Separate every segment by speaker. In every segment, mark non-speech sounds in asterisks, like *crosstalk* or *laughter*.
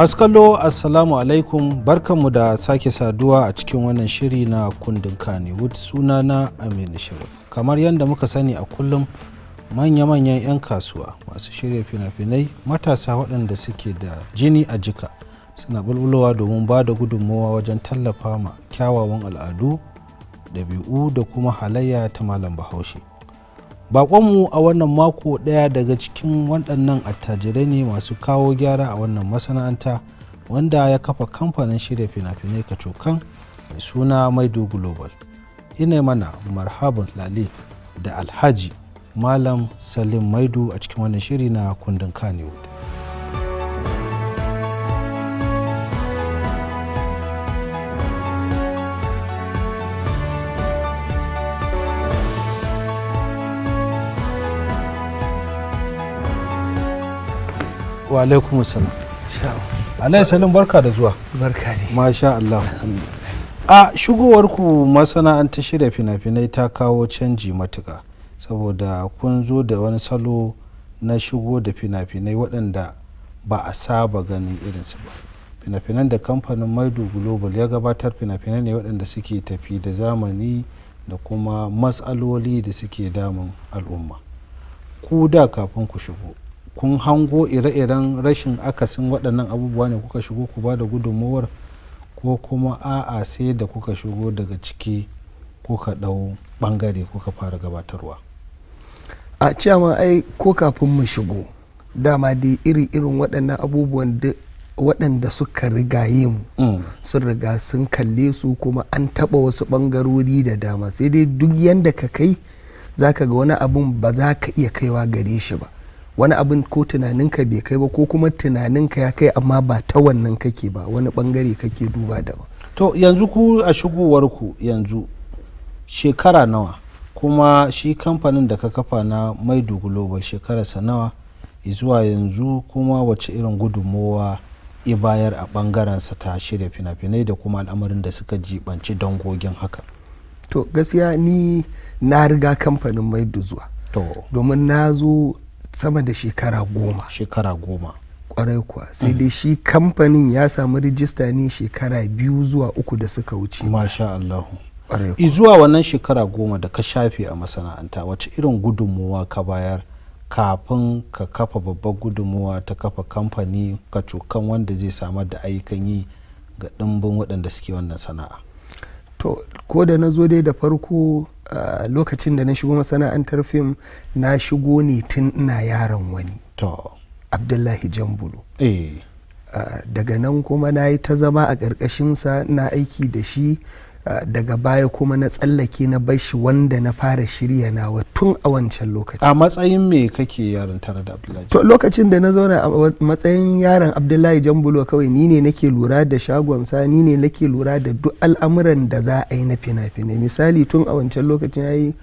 Speaker 1: masu kallo assalamu alaikum barkanmu da sake saduwa a cikin wannan shiri na kundin kanewood suna aminu sharif kamar yadda muka sani a kullum manya-manyan 'yan kasuwa masu shirya fina-finai matasa waɗanda suke da jini a jika suna bulbulowa domin ba da gudunmowa wajen tallafa ma kyawawan al'adu ɗabi'u da kuma halayya ta malam bahaushe bakonmu a wannan mako daya daga cikin waɗannan attajirai ne masu kawo gyara a wannan masana'anta wanda ya kafa kamfanin shirya fina-finai kacokan mai suna maido global ina mana marhaban lale da alhaji malam salim maido a cikin wannan shiri na kundin kanewood wa alaikum salam alai salim barka da zuwa barka ne masha Allah a shigowar ku masana'antar shirya fina-finai ta kawo canji matuka saboda kun zo da wani salo na shigo da fina-finai waɗanda ba a saba ganin irinsu ba fina-finan da kamfanin maidu global ya gabatar fina-finai ne waɗanda suke tafi da zamani da kuma matsaloli da suke damun al'umma ku da kafin ku shigo kun hango ire-iren rashin akasin waɗannan abubuwa ne kuka shigo ku ba da gudunmowar ko kuma a'a sai da kuka shigo daga ciki kuka ɗau ɓangare kuka fara gabatarwa
Speaker 2: a cewa ai ko kafin mu shigo dama dai iri-irin waɗannan abubuwan waɗanda suka rigaye mu mm. sun riga sun kalle su kuma an taɓa wasu ɓangarori da dama sai dai duk yanda ka kai za ka ga wani abun ba za ka iya kaiwa gare shi ba wani abin ko tunaninka bai kai ba ko kuma tunaninka ya kai amma ba ta
Speaker 1: wannan kake ba wani bangare kake duba ba to yanzu ku a shigowarku yanzu shekara nawa kuma shi kamfanin da ka kafa na maido global shekararsa nawa zuwa yanzu kuma wace irin gudunmowa i bayar a bangarensa ta shirya fina-finai da kuma al'amarin da suka jibanci dangogin haka
Speaker 2: to gaskiya ni na riga kamfanin maido zuwa domin na zo sama da shekara goma shekara goma kwarai kuwa sai dai shi kamfanin ya samu rijista ne shekara biyu zuwa uku da suka wuce masha Allahu
Speaker 1: zuwa wannan shekara goma da ka shafe a masana'anta wace irin gudunmuwa ka bayar kafin ka kafa babbar gudunmuwa ta kafa kamfani ka cokan wanda zai samar da ayyukan yi ga ɗimbin waɗanda suke wannan sana'a to ko da na
Speaker 2: zo dai da farko Ah, lokacin da na shigo masana'antar fim na shigo ne tun ina yaron wani to abdullahi jambulu eh. ah, daga nan kuma na yi ta zama a ƙarƙashinsa na aiki da shi daga baya kuma na tsallake na bashi wanda na fara shirya nawa tun a wancan lokaci
Speaker 1: a matsayin me kake yaron tare da abdullahi to
Speaker 2: lokacin da na zauna a matsayin yaron abdullahi jambulo kawai ni ne nake lura da shagonsa ni ne nake lura da duk al'amuran da za a yi na fina-finai misali tun a wancan lokacin ya yi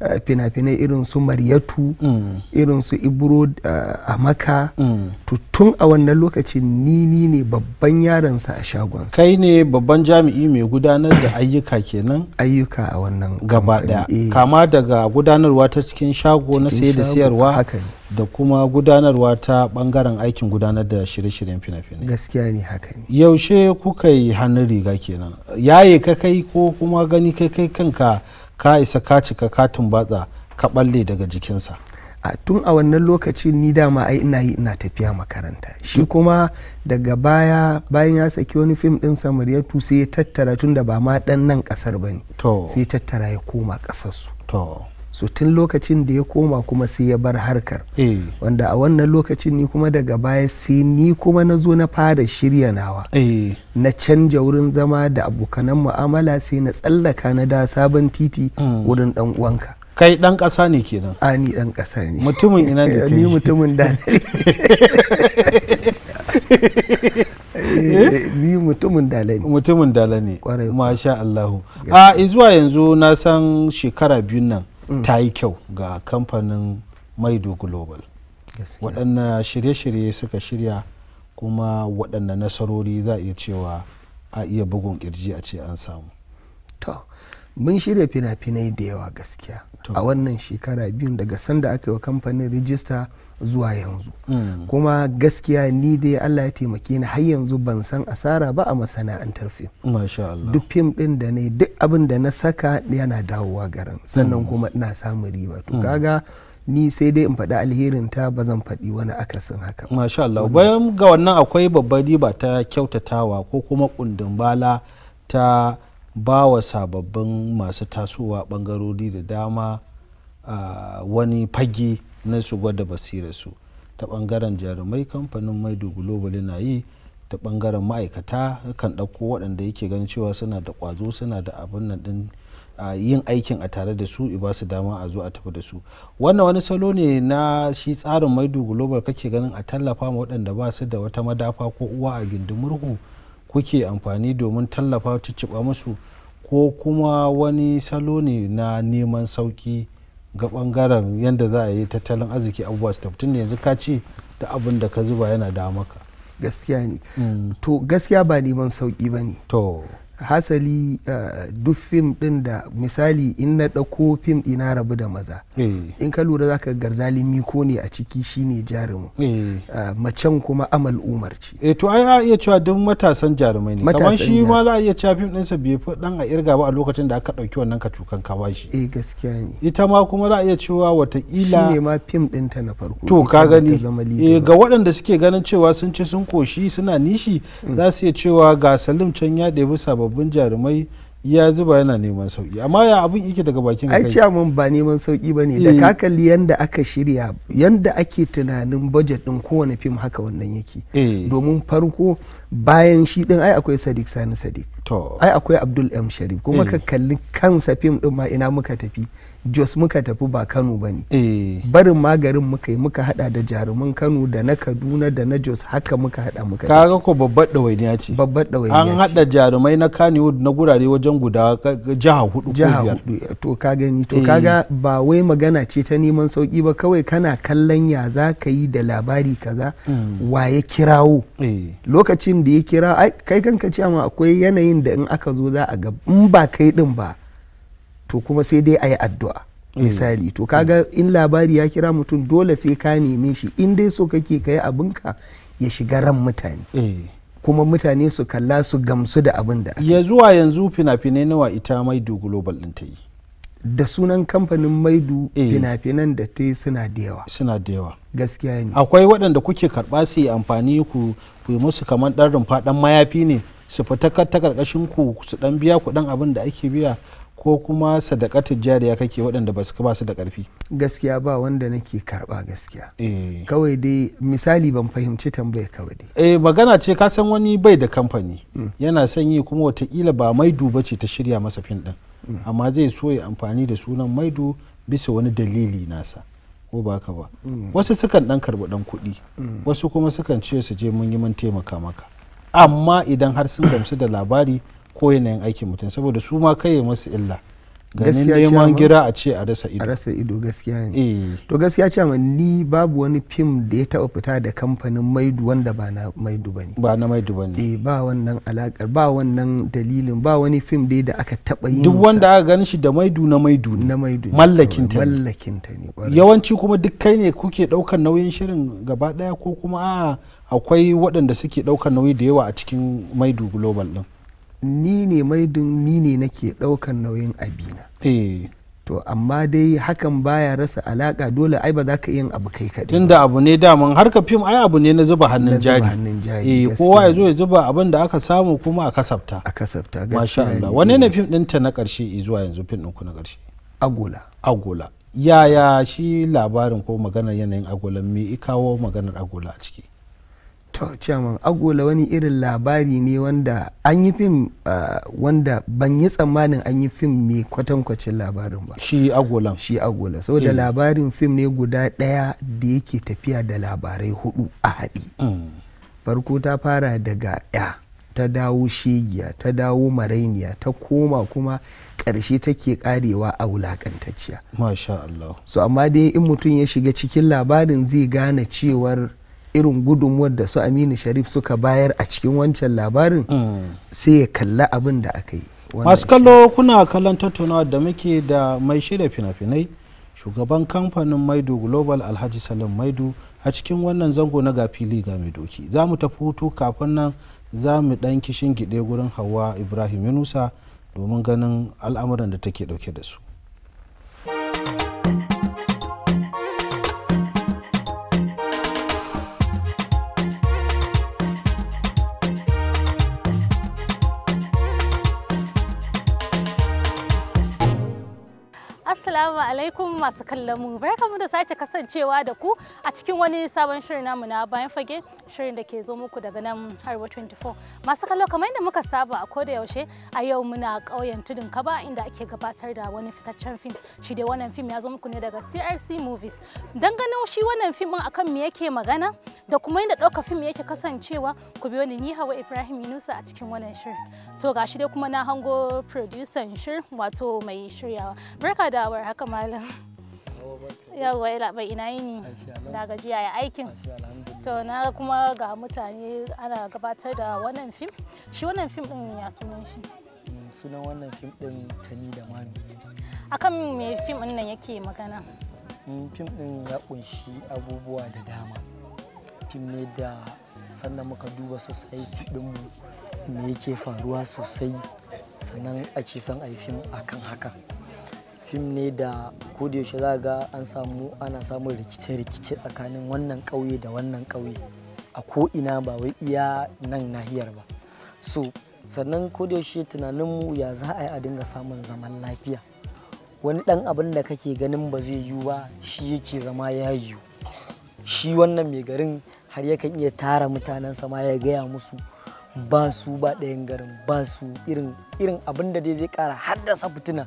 Speaker 2: Eh, fina-finai irin su maryatu mm. irin su ibro eh, a maka mm. to tun a wannan lokacin nini ne babban yaransa a shagonsa
Speaker 1: kai ne babban jami'i mai gudanar da ayyuka kenan ayyuka a wannan
Speaker 2: gaba daya eh.
Speaker 1: kama daga gudanarwa ta cikin shago na sai da siyarwa da kuma gudanarwa ta bangaren aikin gudanar da shirye-shiryen fina-finai gaskiya ne haka ne yaushe kuka yi hannun riga kenan yaye ka kai ko kuma gani kai kai kanka ka isa ka cika katin batsa ka balle daga jikinsa a tun
Speaker 2: a wannan lokacin ni dama ai ina yi ina tafiya makaranta shi kuma daga baya bayan ya saki wani fim din samariyatu sai ya tattara tun da ba ma dan nan kasar ba ne sai tattara ya koma kasarsu to so tun lokacin da ya koma kuma sai ya bar harkar eh. wanda a wannan lokacin ni kuma daga baya sai ni kuma na zo na fara shirya nawa eh. na canja wurin zama da abokanan mu'amala sai na tsallaka na da sabon titi hmm. wurin dan uwanka kai dan kasa ne kenan a ni dan kasa ne mutumin ina ne *laughs* *laughs* eh?
Speaker 1: *laughs* ni mutumin da ni mutumin dala ne mutumin dala ne masha Allah a zuwa yanzu na san shekara biyun nan ta yi kyau ga kamfanin maido global waɗannan shirye-shirye suka shirya kuma waɗannan nasarori za a iya cewa a iya bugun kirji a ce an samu to
Speaker 2: mun shirya fina-finai da yawa gaskiya a wannan shekara biyun daga sanda aka yi wa kamfanin rijista zuwa yanzu mm. kuma gaskiya ni dai allah ya taimake ni har yanzu ban san asara ba a masana'antar fim duk fim din da ne duk abin da na saka yana dawowa garin sannan mm. kuma ina samun riba to mm. kaga ni sai dai in faɗi
Speaker 1: alherin ta ba zan faɗi wani akasin haka masha Allah bayan ga wannan akwai babbar riba ta kyautatawa ko kuma kundin bala ta ba wa sababbin masu tasowa bangarori da dama ah, wani fage na su gwada basirarsu ta bangaren jarumai kamfanin maiduguro global na yi ta bangaren ma'aikata kan ɗauko waɗanda yake ganin cewa suna da ƙwazo suna da abin nan ɗin yin aikin a tare da su ba su dama a zo a tafi da su wannan wani salo ne na shi tsarin maido global kake ganin a tallafa ma waɗanda ba su da wata madafa ko uwa a gindin murhu kuke amfani domin tallafa cicciɓa musu ko kuma wani salo ne na neman sauki ga bangaren yadda za a yi tattalin arziki abubuwa su tafi tunda yanzu ka ce da abin da ka zuba yana da gaskiya ne mm.
Speaker 2: to gaskiya ba neman sauki ba ne hasali uh, duk fim din da misali in na dauko fim ɗina rabu da maza mm. in ka lura zaka garzali miko
Speaker 1: ne a ciki shine jarumin mm. uh, macen kuma amal umar ce eh to ai a iya cewa duk matasan jarumai ne kamar shi ma za a iya cewa fim ɗinsa bai fi dan a irga ba a lokacin da aka ɗauki wannan katukan ka shi eh gaskiya ne ita ma kuma za a iya cewa watakila shine ma fim ta na farko to ka gani eh ga waɗanda suke ganin cewa sun ci sun koshi suna nishi mm. za su iya cewa ga salim can ya ɗebi sabon sababbin jarumai ya zuba yana neman sauki amma ya abin yake daga bakin kai ai mun ba neman sauki ba ne da eh. ka
Speaker 2: kalli yanda aka shirya yanda ake tunanin budget din kowane fim haka wannan yake eh. domin farko bayan shi din ai akwai sadiq sani sadiq ai akwai abdul m sharif kuma eh. ka kalli kansa fim din ma ina muka tafi jos muka tafi ba kano ba ne eh. barin magarin muka yi muka hada da jarumin kano da na kaduna da na jos haka muka hada muka Ka ga ko babbar ɗawainiya ce babbar ce. an hada
Speaker 1: jarumai na Kano na gurare wajen guda jiha hudu jiha hudu eh, to
Speaker 2: ka gani to kaga eh. ba wai magana ce ta neman sauki ba kawai kana kallon ya za ka yi da labari kaza hmm. wa ya kirawo lokacin da ya kira kai kanka ce akwai yanayin da in aka zo za a ga in ba kai din ba to kuma sai dai a yi addu'a mm. misali to kaga in labari ya kira mutum dole sai ka neme shi in dai so kake ka yi abinka ya shiga ran mutane eh. kuma mutane su kalla su gamsu da abin da
Speaker 1: ya zuwa yanzu fina-finai nawa ita maidu global
Speaker 2: din ta yi da sunan kamfanin maidu eh. fina-finan da ta yi suna da yawa suna da yawa gaskiya
Speaker 1: ne akwai waɗanda kuke karɓa su yi amfani ku yi musu kamar ɗan rumfa ɗan mayafi ne su fita ta karkashin ku su ɗan biya kuɗin abin da ake biya ko kuma sadakatun jariya kake waɗanda ba su ba su da ƙarfi gaskiya ba wanda nake karɓa gaskiya eh. kawai dai misali ban fahimci tambayar kawai dai eh magana ce ka san wani bai da kamfani mm. yana son yi kuma watakila ba maidu ba ce ta shirya masa fim ɗin mm. amma zai so ya amfani da sunan maidu bisa wani dalili nasa ko ba ka ba mm. wasu sukan ɗan karɓi ɗan kuɗi wasu kuma sukan ce su je mun yi mun taimaka maka amma idan har sun gamsu da labari ko yanayin aikin mutum saboda su ma kai masu illa ganin neman gira a
Speaker 2: ce a rasa ido a rasa ido gaskiya ne eh. to gaskiya ce ni babu wani fim da ya taba fita da kamfanin maidu wanda ba na maidu bane ba na maidu bane eh ba wannan alakar ba wannan dalilin ba wani fim dai da aka taba yin duk wanda
Speaker 1: aka gani shi da maidu na maidu ne na maidu mallakin ta mallakin ta ne yawanci kuma duk kai ne kuke daukar nauyin shirin gaba daya ko kuma a akwai waɗanda suke daukar nauyi da yawa a cikin maidu global din
Speaker 2: ni ne maidun ni ne nake ɗaukan nauyin abina eh. to amma dai hakan baya rasa alaka dole ai ba za ka yin abu kai
Speaker 1: kaɗai tunda abu ne daman harka fim ai abu ne na zuba hannun jari eh kowa ya zo ya zuba abin da aka samu kuma a kasafta a kasafta gaskiya masha Allah wane ne fim ɗinta na ƙarshe zuwa yanzu fim ku na ƙarshe agola agola yaya shi labarin ko maganar yanayin agola me i kawo maganar agola a ciki to chairman agola wani irin
Speaker 2: labari ne wanda an yi fim uh, wanda ban yi tsammanin an yi fim mai kwatankwacin labarin ba shi agola shi agola saboda mm. labarin fim ne guda ɗaya da yake tafiya da labarai hudu a haɗi mm. farko ta fara daga ya ta dawo shegiya ta dawo marainiya ta koma kuma ƙarshe take karewa a wulakantacciya masha Allah so amma dai in mutum ya shiga cikin labarin zai gane cewar irin gudunmuwar da su aminu sharif suka bayar a cikin wancan
Speaker 1: labarin sai ya kalla abin da aka yi masu kallo kuna kallon tattaunawa da muke da mai shirya fina-finai shugaban kamfanin maido global alhaji salim maidu a cikin wannan zango na ga fili ga mai doki za mu tafi hutu kafin nan za mu ɗan kishin gide gurin hawa ibrahim yunusa domin ganin al'amuran da take dauke da su
Speaker 3: Assalamu alaikum masu kallon mu. Barkamu da sake kasancewa da ku a cikin wani sabon shirin namu na bayan fage shirin da ke zo muku daga nan harba 24. Masu kallo kamar yadda muka saba a koda yaushe a yau muna ƙauyen tudun kaba inda ake gabatar da wani fitaccen fim. Shi dai wannan fim ya zo muku ne daga CRC Movies. Dangane shi wannan fim din akan me yake magana da kuma inda ɗauka fim yake kasancewa ku biyo ni Hawa Ibrahim Yunusa a cikin wannan shirin. To gashi dai kuma na hango producer shirin wato mai shiryawa. Barka da haka malam yawwa ila bai ina yini na gaji ya aikin to na kuma ga mutane ana gabatar da wannan fim shi wannan fim din ya sunan shi
Speaker 4: mm, sunan wannan fim din tani da mami
Speaker 3: akan me fim din nan yake magana
Speaker 4: mm, fim din ya kunshi abubuwa da dama fim ne da sannan muka duba society mu me yake faruwa sosai sannan ake son a yi fim akan hakan fim ne da yaushe za ga an samu ana samun rikice-rikice tsakanin wannan ƙauye da wannan ƙauye a ko'ina ba wai iya nan nahiyar ba so sannan yaushe tunaninmu ya za a yi a dinga samun zaman lafiya wani ɗan abin da kake ganin ba zai yiwu ba shi yake zama ya yiwu shi wannan mai garin har yakan iya tara mutanen sama ya gaya musu ba su ba ɗayan garin ba su irin abin da dai zai ƙara haddasa fitina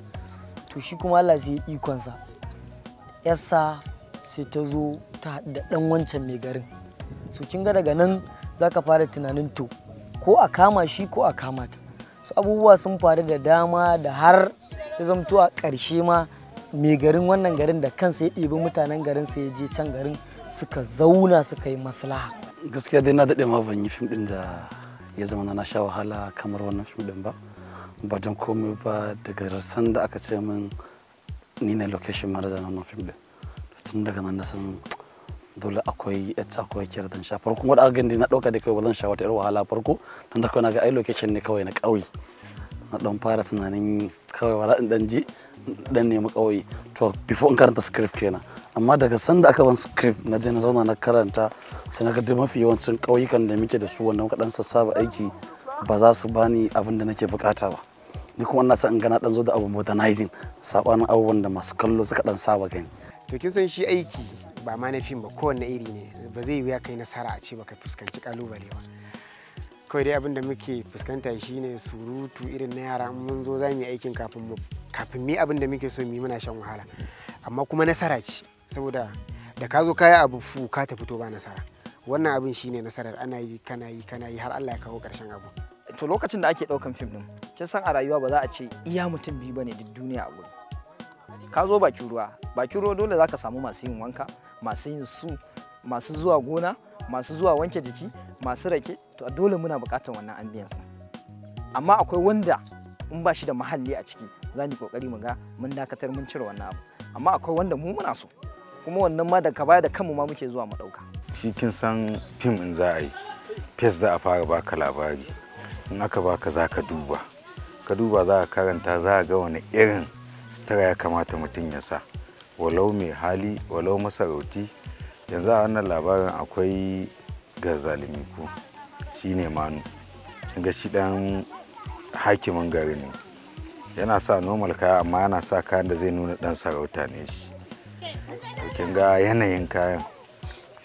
Speaker 4: to shi kuma Allah sai ikonsa yasa sai ta zo ta da ɗan wancan mai garin so kin ga daga nan zaka fara tunanin to ko a kama shi ko a kama ta su abubuwa sun faru da dama da har ya zamto a ƙarshe ma mai garin wannan garin da kansa ya ɗebi mutanen garin sa ya je can garin suka zauna suka yi maslaha
Speaker 2: gaskiya dai na daɗe ma ban yi fim ɗin da ya zama na sha wahala kamar wannan fim ɗin ba ba komai ba daga rassan da aka ce min ni ne location manager na wannan fim din tun daga nan na san dole akwai yacce akwai kira dan sha farko wanda aka gani na dauka da kai ba zan sha wata irin wahala farko dan da kawai na ga ai location ne kawai na kauye na dan fara tunanin kawai wala in dan je dan nemi kauye to before in karanta script kenan amma daga san da aka ban script na je na zauna na karanta sai na ga mafi yawancin kauyukan da muke da su wannan kadan sassa ba aiki ba za su bani abin da nake bukata ba ni kuma ina son in gana dan zo da abu modernizing sabanin abubuwan da masu kallo suka dan saba gani to kin san shi aiki ba ma na fim ba kowanne iri ne ba zai wuya kai nasara a ce baka fuskanci kalubale ba kawai dai abin da muke fuskanta shine surutu irin na yara mun zo za mu yi aikin kafin mu kafin mu abin da muke so mu yi muna shan wahala amma kuma nasara ce saboda da ka zo kaya abu
Speaker 4: fu ka ta fito ba nasara wannan abin shine nasarar ana yi kana yi kana yi har Allah ya kawo karshen abu to lokacin da ake ɗaukan fim ɗin kin san a rayuwa ba za a ce iya mutum biyu bane duk duniya a guri ka zo bakin ruwa bakin ruwa dole zaka samu masu yin wanka masu yin su masu zuwa gona masu zuwa wanke jiki masu rake to dole muna buƙatar wannan ambiyansa amma akwai wanda in ba shi da mahalli a ciki za mu kokari mu ga mun dakatar mun cire wannan abu amma akwai wanda mu muna so kuma wannan ma daga baya da kanmu ma muke zuwa mu ɗauka
Speaker 1: shi kin san fim in za a yi fes za a fara baka labari in aka baka za ka duba ka duba za ka karanta za ga wani irin sutura ya kamata mutum ya sa walau mai hali walau masarauti yanzu a wannan labarin akwai gazalimi ko shi ne manu ga shi dan hakimin gari ne yana sa normal kaya amma yana sa kayan da zai nuna dan sarauta ne shi kin ga yanayin kayan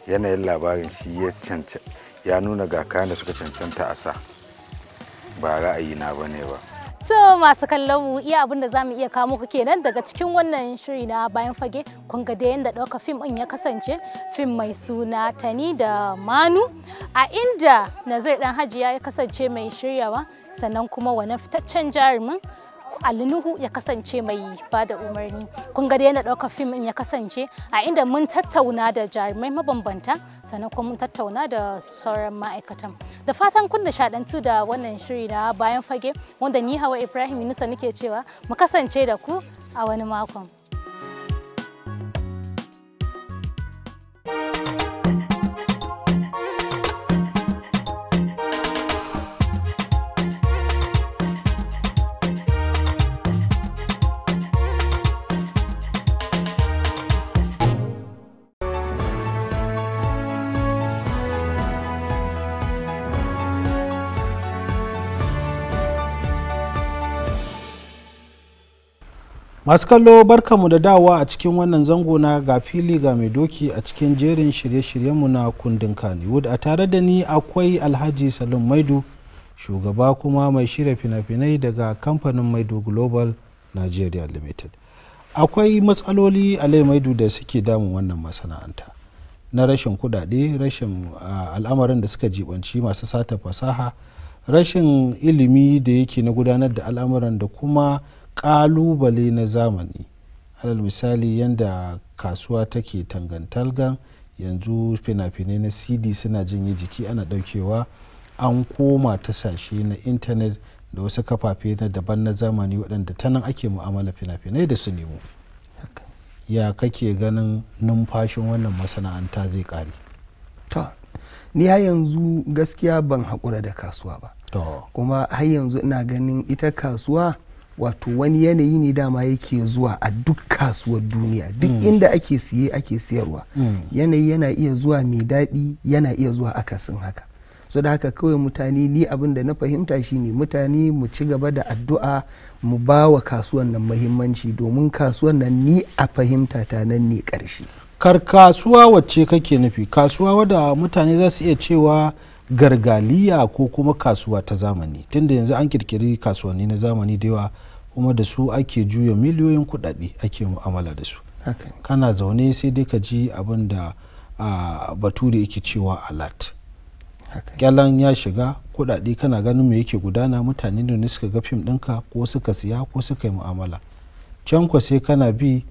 Speaker 1: yanayin labarin shi ya nuna ga kayan da suka cancanta a sa
Speaker 4: ba ra'ayi na bane ba
Speaker 3: to masu kallon mu iya abin da zamu iya kawo muku kenan daga cikin wannan shiri na bayan fage kun ga da yanda ɗauka fim ɗin ya kasance fim mai suna tani da manu a inda nazir dan hajiya ya kasance mai shiryawa sannan kuma wani fitaccen jarumin Ali Nuhu ya kasance mai ba da umarni. Kun ga yadda ɗaukar fim ya kasance a inda mun tattauna da jarumai mabambanta sannan kuma mun tattauna da sauran ma'aikatan. Da fatan kun nishaɗantu da wannan shiri na bayan fage wanda ni Hawa Ibrahim Yunusa nake cewa mu kasance da ku a wani makon.
Speaker 1: masu kallo barkamu da dawa a cikin wannan zango na ga fili ga mai doki a cikin jerin shirye-shiryenmu na kundin kanewood a tare da ni akwai alhaji salim maidu shugaba kuma mai shirya fina-finai daga kamfanin maido global nigeria limited akwai matsaloli a maidu da suke damun wannan masana'anta na rashin kudade rashin al'amarin da suka jibanci masu sata fasaha rashin ilimi da yake na gudanar da al'amuran da kuma kalubale na zamani alal misali yadda kasuwa take tangantalgan yanzu fina-finai na cd suna yi jiki ana daukewa an koma tasashe na intanet da wasu kafafe na daban na zamani waɗanda ta nan ake mu'amala fina-finai da su nemo ya kake ganin numfashin wannan masana'anta zai ƙare ni har yanzu gaskiya ban haƙura da kasuwa ba
Speaker 2: kuma har yanzu ina ganin ita kasuwa wato wani yanayi ne dama yake zuwa a duk kasuwar duniya duk mm. inda ake siye ake siyarwa mm. yanayi yana iya zuwa mai daɗi yana iya zuwa akasin haka so da haka kawai mutane ni abin da na fahimta shine mutane mu ci gaba da addu'a mu ba wa kasuwan nan muhimmanci
Speaker 1: domin kasuwan nan ni a fahimta ta nan ne ƙarshe kar kasuwa wacce kake nufi kasuwa wadda mutane za su iya cewa gargaliya ko kuma kasuwa ta zamani tunda yanzu an kirkiri kasuwanni na zamani da yawa kuma da su ake juya miliyoyin kudade ake mu'amala da su kana zaune sai dai ka ji abin da bature yake cewa alat kyalan ya shiga kudade kana ganin me yake gudana mutane ne suka ga fim dinka ko suka siya ko suka yi mu'amala can kwa sai kana bi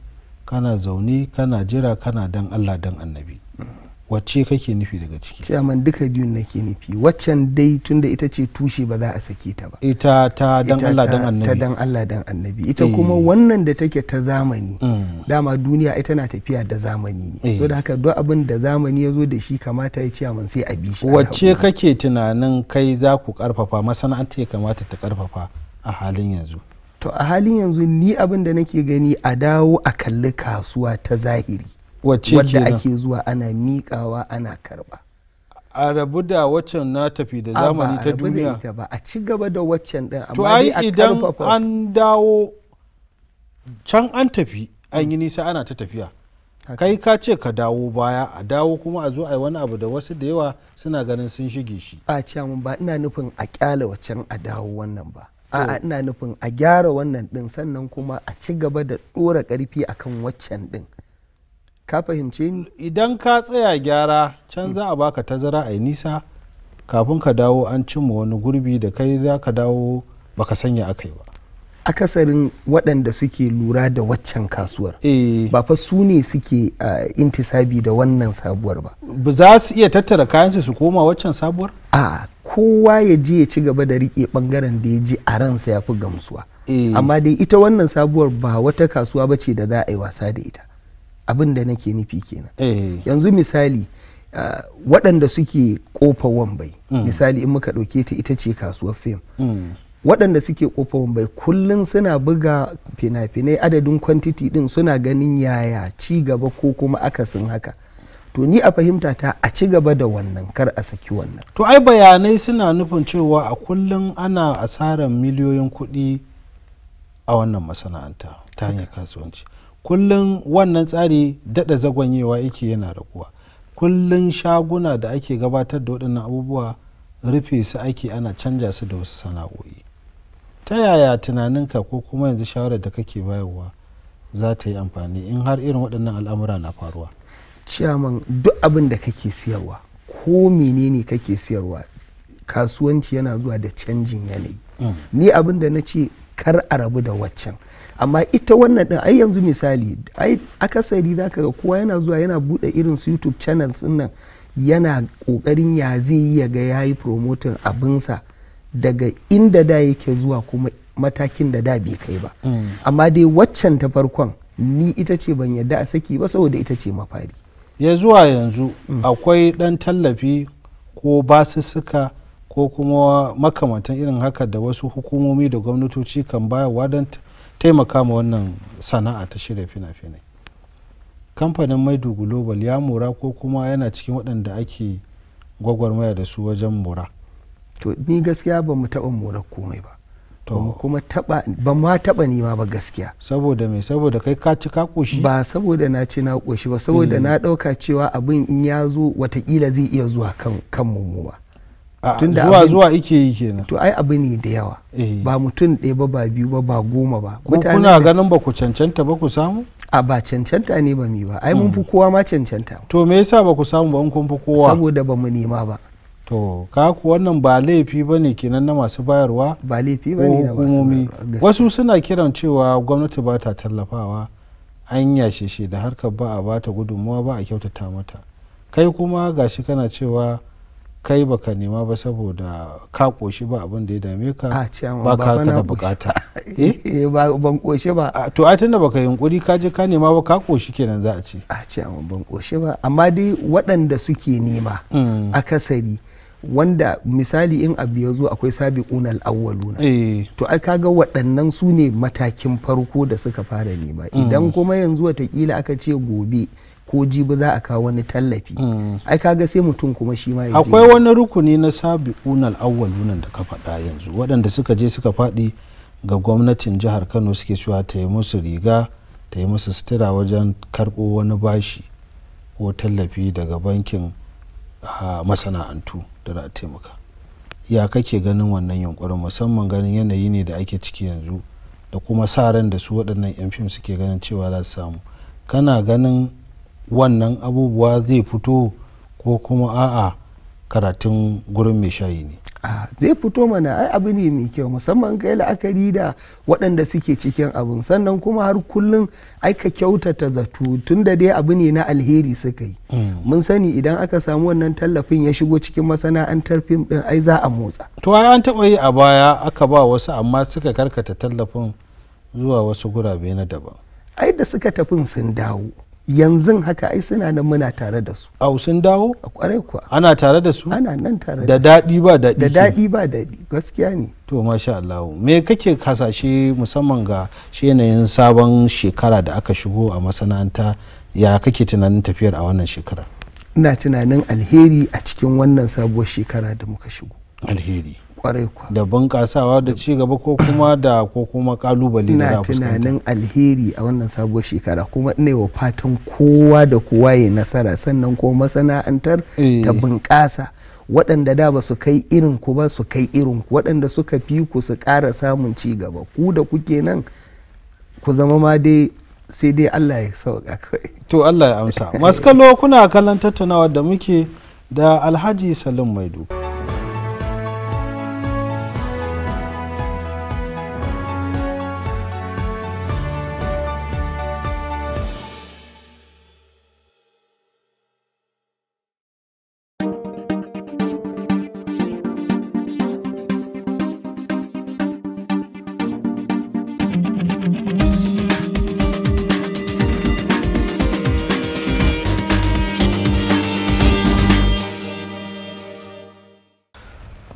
Speaker 1: kana zaune kana jira kana dan allah dan annabi mm. wacce kake nufi daga ciki ciyaman duka biyun nake nufi waccan dai tunda ita ce tushe
Speaker 2: ba za a sake
Speaker 1: ta ba ita ta dan Allah dan annabi ta dan
Speaker 2: Allah dan annabi ita eh. kuma wannan da take ta zamani mm. dama duniya ita na tafiya da zamani ne eh. so da haka duk abin da zamani ya zo da shi kamata ya ciyaman sai a bi shi wacce
Speaker 1: kake tunanin kai za ku karfafa masana'anta ya kamata ta karfafa a halin yanzu to a halin yanzu ni abin da nake
Speaker 2: gani a dawo a kalli kasuwa ta zahiri wadda ake zuwa ana
Speaker 1: miƙawa ana karba a rabu da waccan na tafi da zamani ta duniya ba
Speaker 2: a ci gaba da waccan din amma ai idan an
Speaker 1: dawo can an tafi an yi nisa ana ta tafiya kai ka ce ka dawo baya a dawo kuma a zo a yi wani abu da wasu da yawa suna ganin sun shige shi a mun ba ina nufin a kyale
Speaker 2: waccan a dawo wannan ba a'a ina nufin a gyara wannan din sannan kuma a ci gaba
Speaker 1: da dora karfi akan waccan din ka fahimce ni idan ka tsaya gyara can za a baka tazara a nisa kafin ka dawo an cimma wani gurbi da kai za ka dawo baka sanya akai ba akasarin waɗanda suke lura
Speaker 2: da waccan kasuwar eh. ba fa su ne suke intisabi da wannan sabuwar
Speaker 1: ba ba za su iya tattara kayan su koma waccan sabuwar
Speaker 2: a kowa ya je ya ci gaba da riƙe ɓangaren da ya ji a ransa ya fi gamsuwa eh. amma dai ita wannan sabuwar ba wata kasuwa ba ce da za a yi wasa da ita abin da nake nufi kenan eh. yanzu misali waɗanda suke kofa wambai mm. misali in muka ɗauke ta ita ce kasuwar fim mm. waɗanda suke kofa wambai kullum suna buga fina-finai adadin kwantiti ɗin suna ganin yaya ci gaba ko kuma akasin haka to ni a
Speaker 1: fahimta ta a ci gaba da wannan
Speaker 2: kar a saki wannan
Speaker 1: to ai bayanai suna nufin cewa a kullum ana asarar miliyoyin kuɗi a wannan masana'anta ta hanyar kasuwanci kullum wannan tsari daɗa zagwanyewa yake yana raguwa kullum shaguna da ake gabatar da waɗannan abubuwa rufe su ake ana canja su da wasu sana'o'i ta yaya tunaninka ko kuma yanzu shawarar da kake bayarwa za ta yi amfani in har irin waɗannan al'amura na faruwa ciyaman duk abin
Speaker 2: da kake siyarwa ko menene kake siyarwa kasuwanci yana zuwa da canjin yanayi mm. ni abin da na ce kar a rabu da waccan amma ita wannan din ai yanzu misali ai akasari zaka ga kowa yana zuwa yana bude irin su youtube channels nan yana kokarin ya zai ya ga yayi promoting abinsa daga inda da yake zuwa kuma matakin da da bai kai ba mm. amma dai waccan ta
Speaker 1: farkon ni ita ce ban yadda a saki ba saboda ita ce mafari ya zuwa yanzu mm. akwai dan tallafi ko basussuka ko kuma makamantan irin haka da wasu hukumomi da gwamnatoci kan bayarwa don taimaka ma wannan sana'a ta shirya fina-finai kamfanin maidu global ya mura ko kuma yana cikin waɗanda ake gwagwarmaya da su wajen mura to ni gaskiya ba
Speaker 2: mu taɓa mura komai ba to kuma taɓa ba ma taɓa nima ba gaskiya saboda me saboda kai ka ci ka koshi ba saboda na ci na koshi ba saboda mm. na ɗauka cewa abin in ya zo watakila zai iya zuwa kan mummu mu ba tunda zuwa zuwa ike yi kenan to ai abu ne da yawa eh. ba mutum ɗaya ba ba biyu ba ba goma ba ko kuna ganin
Speaker 1: ba ku cancanta ba ku samu a ba cancanta ne ba mi ba ai mun hmm. fi kowa ma cancanta to me yasa ba ku samu ba in kun fi kowa saboda ba mu nema ba to ka ku wannan ba laifi ba ne kenan na masu bayarwa ba laifi ba ne na masu wasu suna kiran cewa gwamnati ba ta tallafawa an yashe shi da harkar ba a bata gudunmuwa ba a kyautata mata kai kuma gashi kana cewa kai ba ka nema ba saboda ka koshi ba abin da ya dame ka ba ka da bukata *laughs* eh, eh ban koshi ba to a tunda baka yunkuri ka je ka nema ba ka koshi kenan za a ce a ce ban koshi ba amma dai waɗanda
Speaker 2: suke nema mm. akasari wanda misali in abu ya zo akwai sabi al-awwaluna eh. to ai kaga waɗannan su ne matakin farko da suka fara nema mm. idan kuma yanzu watakila aka ce gobe ko jibi za a kawo wani tallafi mm. ai kaga sai mutum kuma shi ma akwai
Speaker 1: wani rukuni na sabiqunal nan da ka faɗa yanzu waɗanda suka je suka faɗi ga gwamnatin jihar Kano suke cewa ta yi musu riga ta yi musu sutura wajen karɓo wani bashi ko tallafi daga bankin masana'antu da za taimaka ya kake ganin wannan yunkurin musamman ganin yanayi ne da ake ciki yanzu da kuma sa ran da su waɗannan 'yan fim suke ganin cewa za su samu kana ganin wannan abubuwa zai fito ko kuma a'a karatun gurin mai shayi ne zai fito mana
Speaker 2: ai abu ne mai kyau musamman kai la'akari da waɗanda suke cikin abin sannan kuma har kullum ai ka kyautata zato tunda dai abu ne na alheri suka yi mm. mun sani idan aka samu wannan tallafin ya shigo cikin masana'antar fim ɗin ai za a motsa
Speaker 1: to ai an taɓa yi a baya aka ba wasu amma suka karkata tallafin zuwa wasu gurabe na daban ai da suka tafin sun dawo yanzu haka ai suna nan muna tare da su A sun dawo a kwarai kuwa ana tare da su ana nan tare da daɗi ba daɗi da daɗi ba daɗi gaskiya ne to masha Allah me kake kasashe musamman ga shi yanayin sabon shekara da aka shigo a masana'anta ya kake tunanin tafiyar a wannan shekara ina
Speaker 2: tunanin alheri a cikin wannan sabuwar shekara da muka shigo
Speaker 1: alheri da bunkasawa da ci gaba ko kuma da ko kuma kalubale da fuskanta tunanin alheri
Speaker 2: a wannan sabuwar shekara kuma ina wa fatan kowa da kowa ya nasara sannan ko masana'antar eh. ta bunƙasa waɗanda da ba su kai irin ku ba su kai irin ku waɗanda suka fi ku su ƙara samun ci gaba ku da kuke nan ku zama ma dai
Speaker 1: sai dai Allah ya sauka to Allah ya amsa masu kallo kuna kallon tattaunawa da muke da Alhaji Salim maiduguri.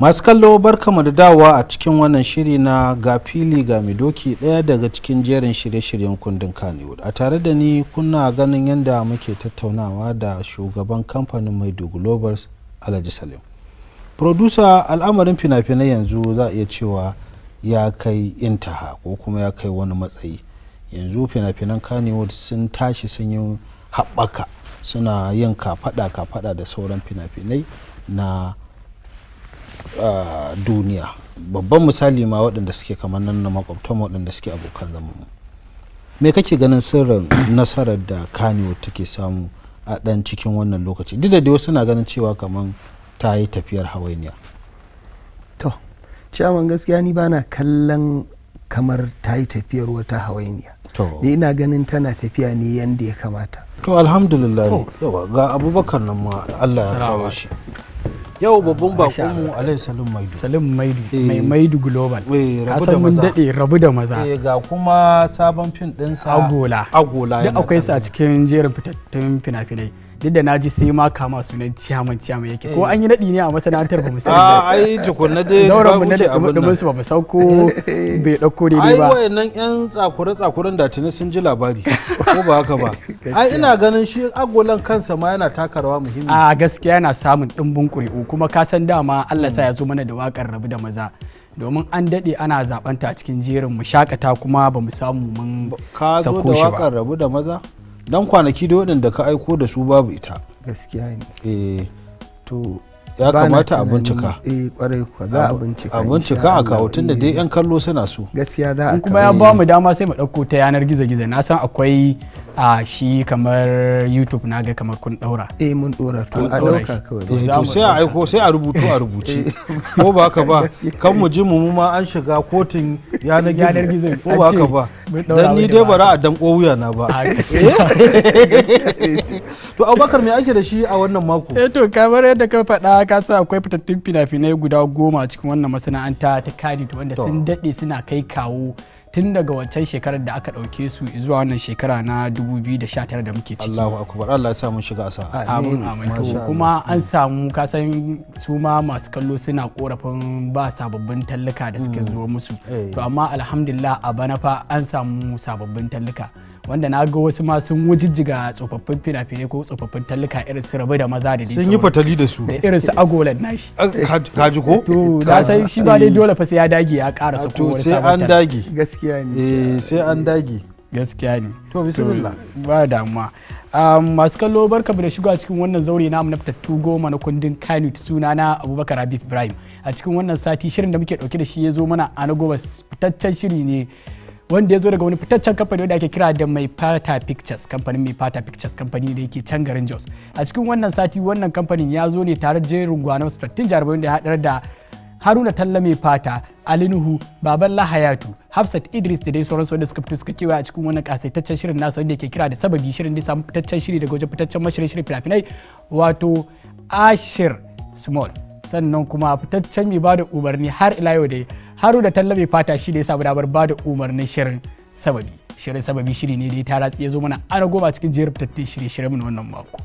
Speaker 1: masu kallo barkamu da dawowa a cikin wannan shiri na ga fili ga doki ɗaya daga cikin jerin shirye-shiryen kundin kanewood a tare da ni kuna ganin yadda muke tattaunawa da shugaban kamfanin maido globals alhaji salim producer al'amarin fina-finai yanzu za a iya cewa ya kai intaha ko kuma ya kai wani matsayi yanzu fina-finan kanewood sun tashi sun yi haɓaka suna yin kafaɗa-kafaɗa da sauran fina-finai na duniya babban misali ma waɗanda suke kamar nan na makwabtan waɗanda suke abokan zaman me kake ganin sirrin nasarar da kaniwa take samu a ɗan cikin wannan lokaci duk da dai wasu na ganin cewa kamar ta yi tafiyar hawainiya to
Speaker 2: ciyaman gaskiya ni bana kallon kamar ta yi tafiyar wata hawainiya ni ina
Speaker 1: ganin tana tafiya ne yadda ya kamata to alhamdulillah ga abubakar nan ma allah ya kawo shi yau babban mu alai salim maidu salim maidu eh. mai
Speaker 5: maidu global eh, kasan mun daɗe rabu da maza eh,
Speaker 1: ga kuma sabon fim ɗinsa agola
Speaker 5: agola da akwai sa cikin jerin fitattun fina-finai duk da naji sai ma kama sunan ciyaman ciyaman yake ko eh. an yi nadi ne a masana'antar ba mu sani ah, ba ai tukunna dai zauren mu na da dumin su ba mu sauko *laughs* bai dauko daidai ba ai wayannan yan tsakure
Speaker 1: tsakuren da tuni sun
Speaker 5: ji labari ko ba haka ba *laughs* ai ina
Speaker 1: ganin shi agolan kansa ma yana taka rawa muhimmi a
Speaker 5: ah, gaskiya yana samun dimbin kuri'u kuma ka san dama Allah sa ya zo mana da wakar rabu da maza domin an daɗe ana zaɓanta a cikin jerin mu shakata kuma ba mu samu mun sako shi ba. Ka zo da
Speaker 1: waƙar rabu da maza? dan kwanaki da da ka aiko da su babu ita gaskiya ne eh to ya kamata a bincika
Speaker 5: eh kwarai ku za a bincika a bincika a kawo tun da dai
Speaker 1: yan eh. kallo suna so
Speaker 5: gaskiya za a kuma ya ba mu dama sai mu dauko ta yanar gizo gizo na san akwai a shi kamar youtube na ga kamar kun daura eh mun daura to a dauka kawai to eh, sai a
Speaker 1: aiko sai a rubutu a rubuce eh. ko ba haka ba *laughs* kan mu ji mu ma an shiga kotin yanar gizo ko ba haka ba dan ni dai bara a danko
Speaker 5: wuya na ba eh? *laughs* to abubakar me ake da shi a wannan mako eh to kamar yadda ka faɗa ka sa akwai fitattun fina-finai guda goma cikin wannan masana'anta ta kadi wanda sun dade suna kai kawo tun daga wancan shekarar da aka ɗauke su zuwa wannan shekara na 2019 da muke ciki Allahu akbar Allah ya sa mun shiga asa amin amin kuma an samu kasan su ma masu kallo suna korafin ba sababbin tallaka da suke hmm. zuwa musu
Speaker 1: eh. to amma
Speaker 5: alhamdulillah a bana fa an samu sababbin tallaka wanda na ga wasu ma sun wujijjiga tsofaffin fina-finai ko tsofaffin tallika irin su rabu da maza da sun yi fatali da su da irin su agolan nashi kaji ko to na san shi ba dai eh. dole fa sai ya dage ya ƙara sako wani sai an dage gaskiya ne eh, sai an dage gaskiya ne to bismillah ba damuwa masu kallo barka da shigo cikin wannan zaure na na fitattu goma na kundin kanut suna na abubakar abif ibrahim a cikin wannan sati shirin da muke dauke da shi ya zo mana a na goma fitaccen shiri ne wanda ya zo daga wani fitaccen kamfani wanda ake kira da mai fata pictures kamfanin mai fata pictures kamfani da yake can garin jos a cikin wannan sati wannan kamfanin ya zo ne tare da jerin gwanon stratin jarabai wanda ya haɗar da haruna talla mai fata alinuhu baban lahayatu hafsat idris da dai sauransu wanda suka fito suka kewaye a cikin wannan kasaitaccen shirin nasa wanda yake kira da sababi shirin da samu fitaccen shiri daga wajen fitaccen mashirin shirin fina-finai wato ashir small sannan kuma fitaccen mai bada umarni har ila yau da haru da tallabe fata shi da ya samu damar ba da umarnin shirin sababi shirin sababi shiri ne da ya tara ya zo mana ana goma cikin jerin fitattun shirye-shiryen wannan mako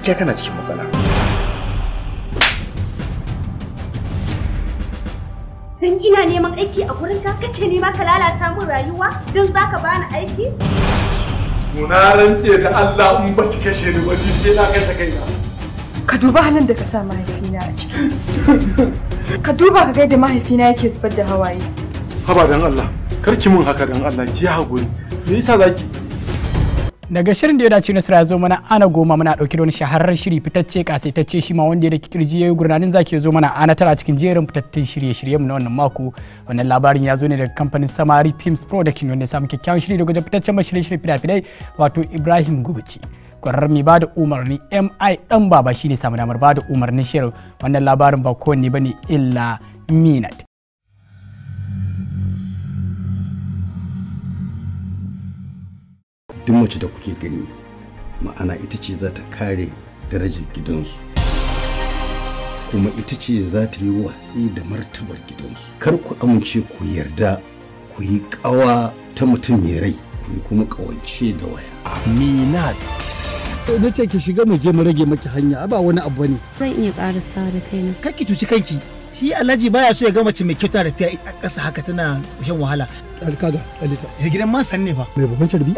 Speaker 2: gaskiya kana cikin matsala
Speaker 3: Dan ina neman aiki a gurin ka kace ne ma ka lalata min rayuwa dan zaka bani aiki
Speaker 5: Muna rantse da Allah in ba ki kashe ni ba sai na kashe kaina
Speaker 3: Ka duba halin da ka sa mahaifina a ciki
Speaker 5: Ka duba ka ga yadda mahaifina yake zubar da hawaye Haba
Speaker 1: dan Allah kar ki mun haka dan Allah ki haƙuri me yasa zaki
Speaker 5: daga shirin da ya dace na ya zo mana ana goma muna dauke da wani shahararren shiri fitacce kasaitacce shi ma wanda ya da kirji yayi gurnanin zaki zo mana ana tara cikin jerin fitattun shirye-shirye mu na wannan mako wannan labarin ya zo ne daga kamfanin Samari Films Production wanda ya samu kyakkyawan shiri daga fitaccen shirye fina-finai wato Ibrahim Gubuci kwarar mai bada umarni MI dan baba shine samu damar bada umarnin shirin wannan labarin ba kowanne bane illa Minat
Speaker 2: duk mace da kuke gani ma'ana ita ce za ta kare darajar gidansu kuma ita ce za ta yi watsi da martabar gidansu kar ku amince ku yarda ku yi ƙawa ta mutum mai rai ku yi kuma kawance da waya aminat eh, na ce ki shiga mu je mu rage maki hanya ba wani abu ne
Speaker 3: zan iya karasa da
Speaker 2: kaina ki tuci kanki shi alhaji baya so ya ga mace mai kyau tana a ƙasa haka tana shan wahala kaga alita ya gidan masan ne fa mai babban carbi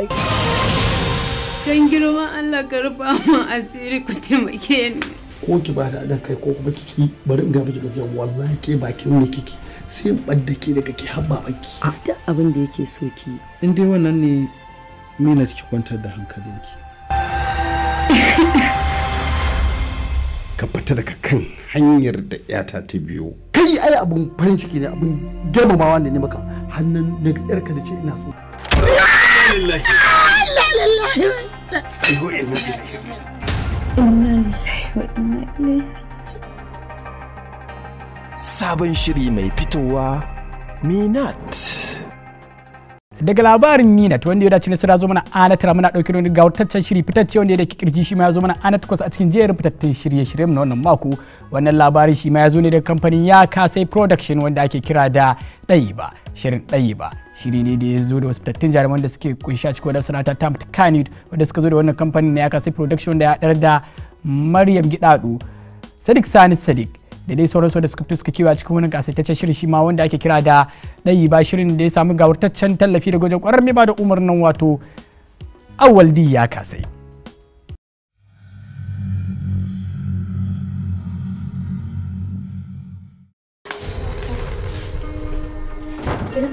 Speaker 1: kan girma Allah ka rufa mu asiri ku taimake ni
Speaker 2: ko ki ba da adan kai ko kuma kiki bari in ga miki gaskiya wallahi ke bakin ne kiki sai in ɓadda ke daga ki habba banki
Speaker 1: duk abin da yake so ki in dai wannan ne mina ki kwantar da hankalinki ka fita daga kan hanyar
Speaker 2: da 'yata ta biyo kai ai abun farin ciki ne abun girmamawa ne maka hannun na yarka da ce ina so
Speaker 1: sabon shiri mai fitowa
Speaker 5: minat daga labarin minat wanda ya dace na sira zo mana ana tara muna dauke wani gautaccen shiri fitacce wanda ya kirji shi ma ya zo mana ana takwas a cikin jerin fitattun shirye shirye na wannan mako wannan labarin shi ma ya zo ne daga kamfanin ya kasai production wanda ake kira da dai ba shirin dai ba shiri ne da ya zo da wasu fitattun jaruman da suke kunshi a cikin wadda sanata tam kanid wanda suka zo da wannan kamfanin na ya kasai production da ya haɗar da maryam gidado sadiq sani sadiq da dai sauransu da suka suka kewa cikin wani kasaitaccen shirin shi ma wanda ake kira da ɗayi ba shirin da ya samu gawartaccen tallafi da wajen ƙwarar mai ba da umarnin wato awaldi ya kasai.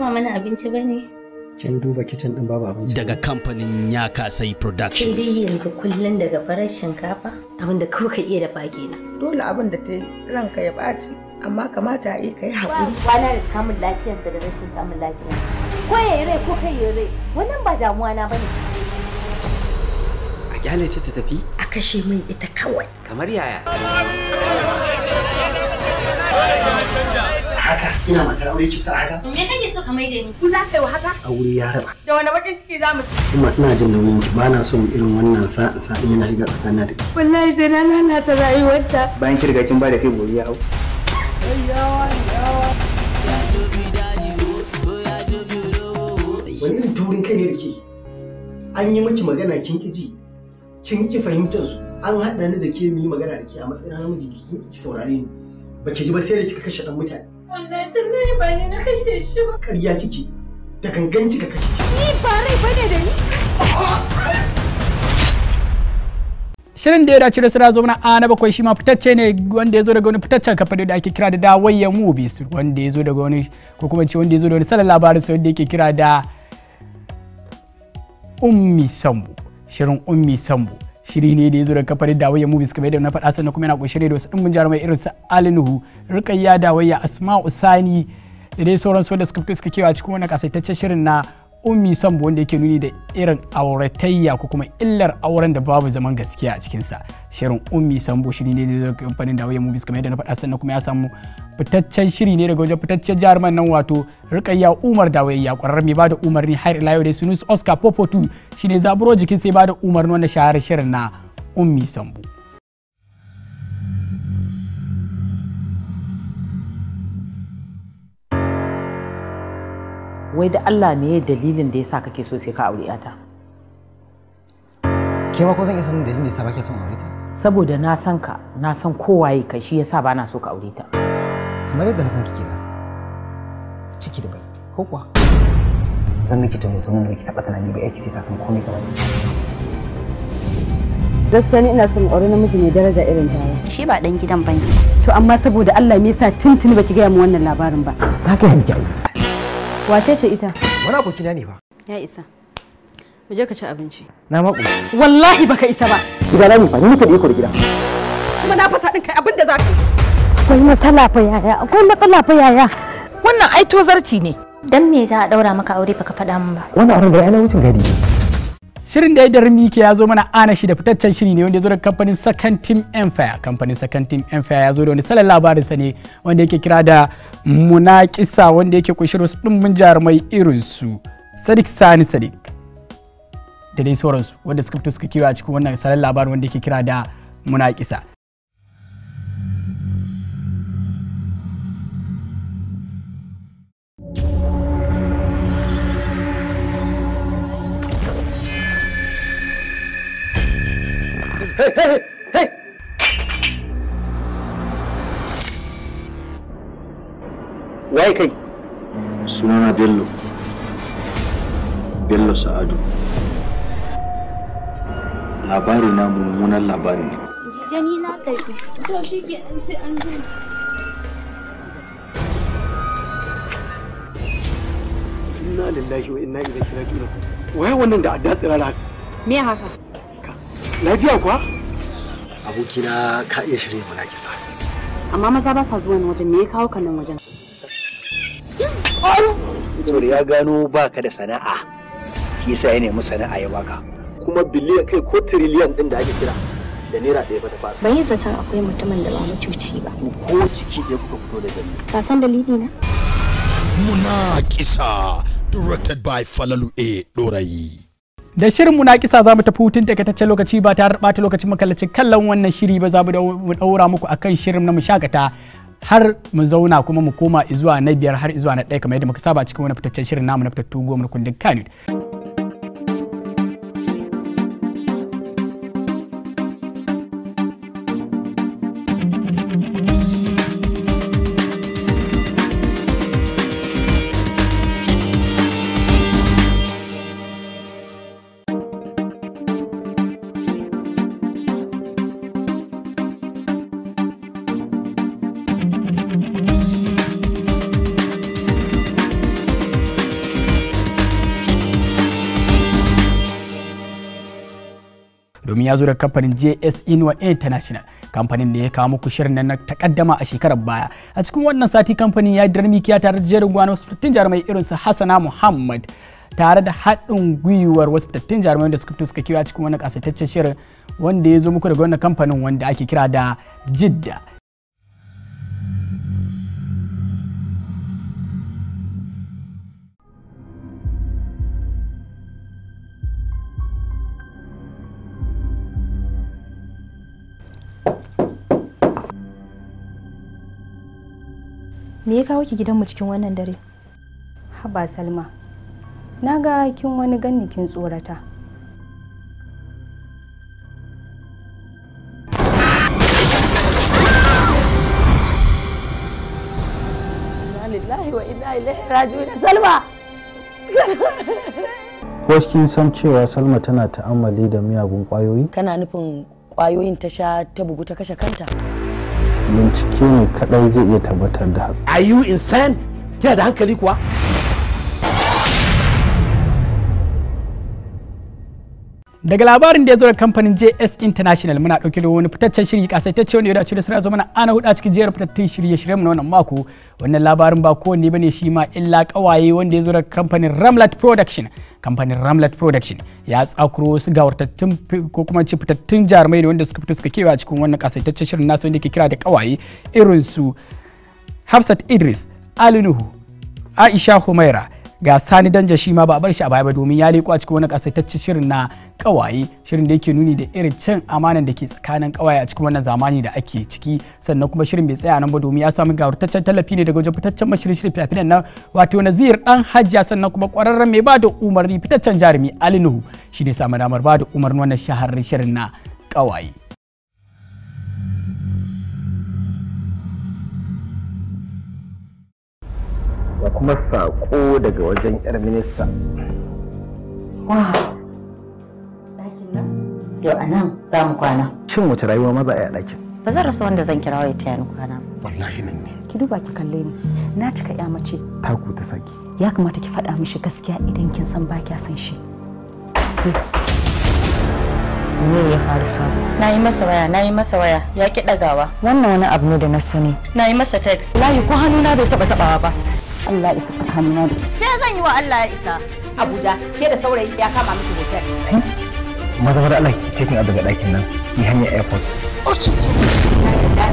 Speaker 3: mana abinci ba ne?
Speaker 2: kin duba kitchen din babu abinci daga kamfanin ya kasai productions kai dai yanzu
Speaker 3: kullun daga farar shinkafa abinda kawai ka iya dafa na. dole abin da ta ranka ya baci amma kamata a yi kai haƙuri kwana da samun lafiyarsa da rashin samun lafiyarsa ko ya yi rai ko kai ya rai wannan ba damuwa na bane
Speaker 4: a kyale ta tafi a kashe min ita kawai kamar yaya haka ina matar aure cutar haka
Speaker 3: to me kake so ka maida ni ku za ka yi haka
Speaker 2: aure ya raba
Speaker 3: da wani bakin ciki za mu
Speaker 2: kuma ina jin nauyin ki ba na son irin wannan sa sa'in yana shiga tsakanin da
Speaker 3: wallahi sai na lalata rayuwarta
Speaker 2: bayan ki riga kin ba da kai gobe ya hau yawa wani irin taurin kai ne da ke an yi miki magana kin ki ji kin ki fahimtar su an haɗa ni da ke mu yi magana da ke a matsayin namiji ki saurare ni ba ki ji ba sai da kika kashe ɗan mutane
Speaker 3: Wallahi tallahi ba na kashe shi ba. Ƙarya
Speaker 2: kike da gangan ka kashe
Speaker 3: shi. Ni ba rai ne da ni.
Speaker 5: Shirin da ya dace da sira zo mana a na bakwai shi ma fitacce ne wanda ya zo daga wani fitaccen kafa da ake kira da dawayyan movies wanda ya zo daga wani ko kuma ce wanda ya zo da wani salon labarin sa wanda yake kira da Ummi Sambo. Shirin Ummi Sambo. shiri ne da ya zo daga kafar dawayya movies kamar yadda na faɗa sannan kuma yana kunshe da wasu ɗimbin jarumai irin su alinuhu rukayya dawayya asma'u sani da dai sauransu wanda suka fito suka kewa cikin wannan kasaitaccen shirin na ummi sambo wanda yake nuni da irin auratayya ko kuma illar auren da babu zaman gaskiya a cikinsa shirin ummi sambo shiri ne da ya zo kamfanin da wayan movies kamar yadda na faɗa sannan kuma ya samu fitaccen shiri ne daga wajen fitaccen jaruman nan wato rikayya umar da wayayya kwararren mai bada umarni har ila yau dai sunus oscar popotu shine zaburo jikin sai bada umarni wanda shahararren shirin na ummi sambu wai
Speaker 4: da Allah ne dalilin da yasa kake so sai ka aure ta ke
Speaker 3: ma ko zan iya sanin dalilin da ya sa ba ke son aure ta saboda na san ka na san kowaye ka shi yasa ba na so ka aure ta
Speaker 4: kamar yadda na san kike da ciki da bai ko kuwa zan miki tono tono da ki taba tunani ba yake sai ta san komai kamar
Speaker 3: gaskiya ni ina son aure namiji mai daraja irin ta shi ba dan gidan bane to amma saboda Allah me yasa tintini baki ga mu wannan labarin ba ba ka hanki wace ce ita wani abokina ne ba ya isa mu je ka ci abinci na maku wallahi baka isa ba
Speaker 4: gidana ne fa ni ka da iko da gida
Speaker 3: kuma na fasa din kai abinda zaka yi
Speaker 5: akwai matsala fa yaya akwai matsala fa yaya wannan ai zarci ne dan me za a daura maka aure baka faɗa min ba
Speaker 4: wannan aure da yana wucin gadi
Speaker 5: Shirin da ya ke ya zo mana ana shi da fitaccen shiri ne wanda ya zo da kamfanin Second Team Empire. Kamfanin Second Team Empire ya zo da wani salon labarin sa ne wanda yake kira da munakisa wanda yake kunshi wasu dimbin jarumai irin su Sadiq Sani Sadiq da dai sauransu wanda suka fito suka kewa a cikin wannan salon labarin wanda yake kira da munakisa.
Speaker 1: Wai kai?
Speaker 2: Sunana Bello. Bello Sa'adu. Labari na mummunan labari ne.
Speaker 3: Jijani na karfi. To shi ke an sai an zo.
Speaker 2: Inna lillahi wa inna ilaihi raji'un.
Speaker 5: Wai wannan da adda tsirara.
Speaker 3: Me haka?
Speaker 2: Lafiya kuwa? abokina ka iya shirya mana kisa
Speaker 3: amma maza ba sa zuwa wajen me ya kawo ka nan wajen
Speaker 2: saboda ya gano baka da sana'a kisa ya nemi sana'a ya baka kuma biliyan kai ko tiriliyan din da ake kira da naira ɗaya ta fara. Ban
Speaker 3: yi zaton akwai mutumin da ba mutuci ba. Ko
Speaker 2: ciki da kuka fito da gani.
Speaker 5: Ka san dalili na?
Speaker 3: Muna
Speaker 2: kisa directed by Falalu A. Dorayi.
Speaker 5: da shirin munakisa za mu tafi hutun takaitaccen lokaci ba tare da lokacin makallacin kallon wannan shiri ba za mu daura muku akan shirin na mushakata har mu zauna kuma mu koma zuwa na biyar har zuwa na ɗaya kamar yadda muka saba cikin wani fitaccen shirin namu na fitattu goma na kundin kanu. ya zo da kamfanin JS Inua International kamfanin da ya kawo muku shirin nan takaddama a shekarar baya a cikin wannan sati kamfanin ya dar mikiya tare da jerin gwano fitattun jarumai irin su Hassana Muhammad tare da haɗin gwiwar wasu fitattun jarumai da suka suka kiwa cikin wani kasataccen shirin wanda ya zo muku daga wannan kamfanin wanda ake kira da Jidda
Speaker 3: me ya kawo ki gidanmu cikin wannan dare haba salma na ga kin wani ganni kin tsorata Salma!
Speaker 4: *laughs*
Speaker 1: kin san cewa Salma tana ta'amali da miyagun kwayoyi?
Speaker 4: Kana nufin kwayoyin ta sha ta bugu ta kashe kanta?
Speaker 1: bincike ne kadai zai iya tabbatar da haka
Speaker 5: are you insane kina da hankali kuwa daga labarin da ya zo da kamfanin JS International muna dauke da wani fitaccen shiri kasaitacce wanda ya dace da suna zama na ana hudu a cikin jerin fitattun shirye-shiryen na wannan mako wannan labarin ba kowanne ne shi ma illa kawaye wanda ya zo da kamfanin Ramlat Production kamfanin Ramlat Production ya tsakuro wasu gawartattun ko kuma ci fitattun jarumai da wanda suka fito suka kewa cikin wannan kasaitaccen shirin nasu wanda ke kira da kawaye irin su Hafsat Idris Ali Nuhu Aisha Humaira ga sani danja shi ma ba a bar shi a baya ba domin ya leko a cikin wani kasaitaccen shirin na kawaye shirin da yake nuni da irin cin amanan da ke tsakanin kawaye a cikin wannan zamani da ake ciki sannan kuma shirin bai tsaya nan ba domin ya samu gawurtaccen tallafi ne daga wajen fitaccen mashirin shirin fina-finan nan wato nazir dan hajiya sannan kuma kwararren mai ba da umarni fitaccen jarumi ali nuhu shi ne samu damar ba da umarni wannan shaharar shirin na kawaye.
Speaker 2: da kuma sako daga wajen 'yar minista.
Speaker 3: ɗakin nan? Yau a nan za mu
Speaker 2: kwana. Shin wace rayuwa maza a ɗakin?
Speaker 3: Ba zan rasa wanda zan kirawo ya taya ni kwana.
Speaker 2: Wallahi nan ne.
Speaker 3: Ki duba ki kalle ni. Na cika ya mace.
Speaker 2: Taku ta saki.
Speaker 3: Ya kamata ki faɗa mishi gaskiya idan kin san ba kya san shi. me ya faru sabo na yi masa waya na yi masa waya ya ki ɗagawa wannan wani abu ne da na sani na yi masa text layi ko hannuna bai taɓa taɓawa ba Allah isa tsakanina da ke zan yi wa Allah ya isa Abuja ke da saurayi ya kama miki hotel
Speaker 4: hmm? maza fara Allah ki cikin
Speaker 2: abin daga ɗakin nan ki hanya airport okay to na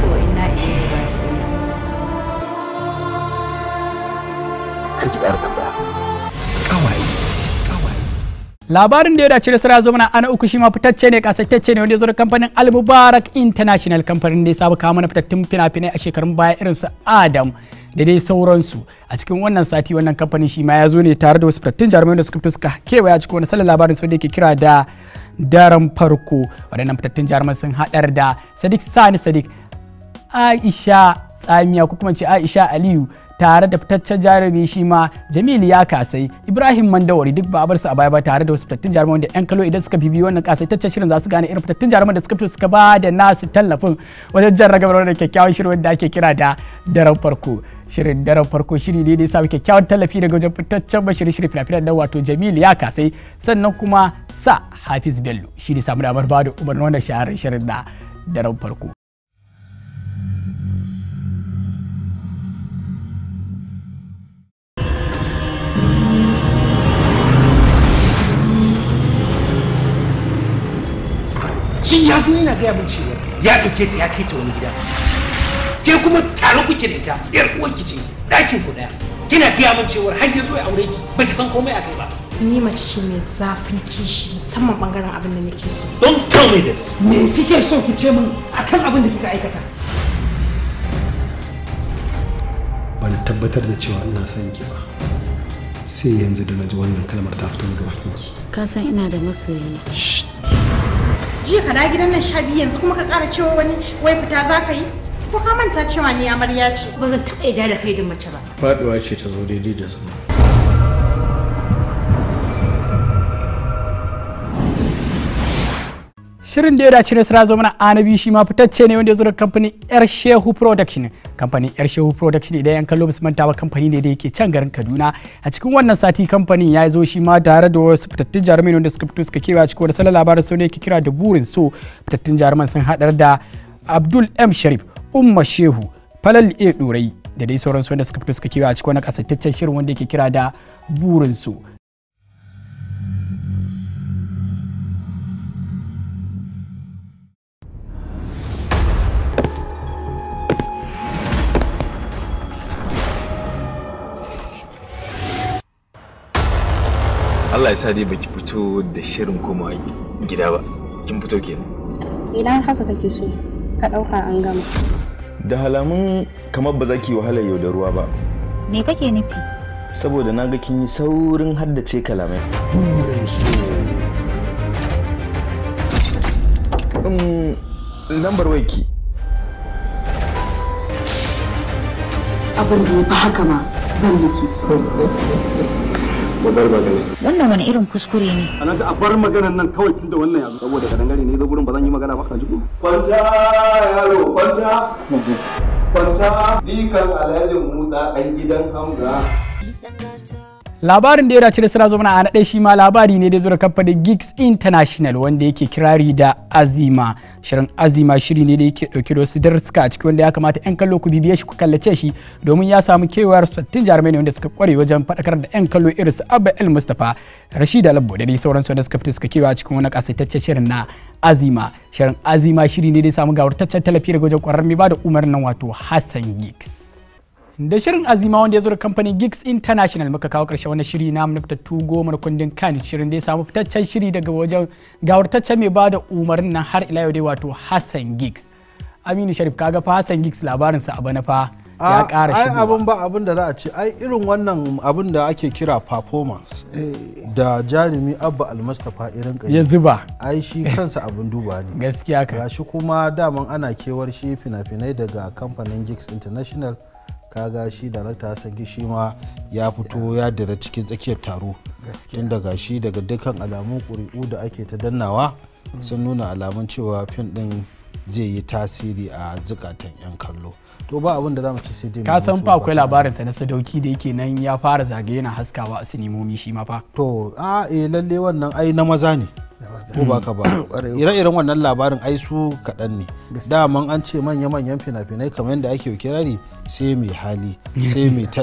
Speaker 2: da
Speaker 5: wa labarin da ya dace da sura zo mana ana uku shi ma fitacce ne kasaitacce ne wanda ya zo da kamfanin al-mubarak international kamfanin da ya saba kawo mana fitattun fina-finai a shekarun baya irin su adam da dai sauransu a cikin wannan sati wannan kamfanin shi ma ya zo ne tare da wasu fitattun jarumai da suka suka a cikin wani salon labarin sau da yake kira da daren farko waɗannan fitattun jarumai sun haɗar da sadiq sani sadiq aisha tsamiya ko kuma ce aisha aliyu tare da fitaccen jarumi shi ma jamilu ya kasai ibrahim mandawari duk ba a bar su a baya ba tare da wasu fitattun jarumai da yan kalo idan suka bibi wannan kasai kasaitaccen shirin za su gane irin fitattun jarumai da suka fito suka ba da nasu tallafin wajen jan ragabar da kyakkyawan shirin da ake kira da daren farko shirin daren farko shiri ne da ya samu kyakkyawan tallafi daga wajen fitaccen bashirin shirin fina-finan nan wato Jamil ya kasai sannan kuma sa Hafiz Bello shi ne samu damar ba da umarnin wannan shaharar shirin da daren farko.
Speaker 4: Shin ya zo gaya mun cewa ya ɗauke ta ya keta wani gida. ke kuma tare kuke da ita yar uwarki ce ɗakin ku daya kina gaya min cewar har ya zo ya aure ki baki san komai a kai ba
Speaker 3: ni mace ce mai zafin kishi musamman bangaren abin da nake so
Speaker 4: don tell
Speaker 1: me this me
Speaker 3: kike so ki ce min akan abin da kika aikata
Speaker 2: ban tabbatar da cewa ina son ki ba sai yanzu da
Speaker 1: naji wannan kalmar ta fito daga bakin ki
Speaker 3: ka san ina da masoyi jiya ka da gidan nan sha biyu yanzu kuma ka kara cewa wani wai fita za ka yi Ko ka manta cewa ni amarya ce? Ba zan taɓa yarda da kai da mace ba.
Speaker 1: faɗuwa ce ta zo daidai da zama.
Speaker 5: Shirin da ya dace na sira zama anabi shi ma fitacce ne wanda ya zo da kamfanin Yar Shehu Production. Kamfanin Yar Shehu Production idan yan kallo basu manta ba kamfani ne da yake can garin Kaduna. A cikin wannan sati kamfanin ya zo shi ma tare da wasu fitattun jarumai wanda suka fito suka kewa cikin wani salon labarin sau ne yake kira da burin so. Fitattun jaruman sun haɗar da Abdul M. Sharif umma shehu falal e ɗorai da dai sauransu wanda suka fito suka kewa a cikin wani kasaitaccen shirin wanda yake kira da burinsu Allah ya sa dai baki fito da shirin koma gida ba kin fito
Speaker 4: kenan
Speaker 3: idan haka kake so ka ɗauka an gama
Speaker 4: da halamun kamar ba za ki wahala yau da ruwa ba
Speaker 3: me kake nufi
Speaker 4: saboda na ga kin yi saurin haddace kalamai um, lambar waiki abin da ya fi haka ma zan miki mu
Speaker 1: bar magana
Speaker 3: wannan wani irin kuskure ne
Speaker 2: anan a bar maganar nan kawai tun da wannan yanzu saboda ka dangare ne zo gurin
Speaker 5: ba zan yi magana ba kan ji
Speaker 1: kwanta yaro kwanta kwanta dikan alhaji Musa dan gidan Hamza
Speaker 5: labarin da ya dace da sira zo mana a naɗe shi ma labari ne da zura kamfani geeks international wanda yake kirari da azima shirin azima shiri ne da yake ɗauke da wasu darsuka a ciki wanda ya kamata 'yan kallo ku bibiye shi ku kallace shi domin ya samu kewayar sattin jarumai ne wanda suka kware wajen faɗakar da 'yan kallo irin su abba el mustapha rashida labbo da dai sauransu wanda suka fito suka kewa cikin wani ƙasaitaccen shirin na azima shirin azima shiri ne da ya samu gawartaccen talafi daga wajen ƙwararren mai ba da umarnin wato hassan Giggs. da shirin azima wanda ya zo da kamfanin gigs international muka kawo karshe wani shiri na minukta tu goma da kundin kan shirin da ya samu fitaccen shiri daga wajen gawartaccen mai ba da umarnin nan har ila yau dai wato hassan gigs aminu sharif kaga fa hassan gigs labarinsa a bana fa ya ah, ƙara shi
Speaker 1: abin ba abin da za a ce ai irin wannan abin da ake kira performance eh. da jarumi abba almustapha irin ya zuba ai shi kansa abin duba ne *laughs* gaskiya ka shi kuma daman ana kewar shi fina-finai daga kamfanin gigs international kaga shi darakta hassan gishi ma ya fito ya dira cikin tsakiyar taro tun daga shi daga dukkan alamun kuri'u da ake ta dannawa sun nuna alamun cewa fim din zai yi tasiri a zukatan 'yan kallo to ba abin da za mu ci sai dai ka san fa akwai labarin
Speaker 5: sa na sadauki da yake nan ya fara zagaye yana haskawa a sinimomi shi ma fa
Speaker 1: to a eh lalle wannan ai na maza ne ko ba ka ba *coughs* ire-iren wannan labarin ai su kaɗan ne daman an ce manya-manyan fina-finai kamar yadda ake kirari sai mai hali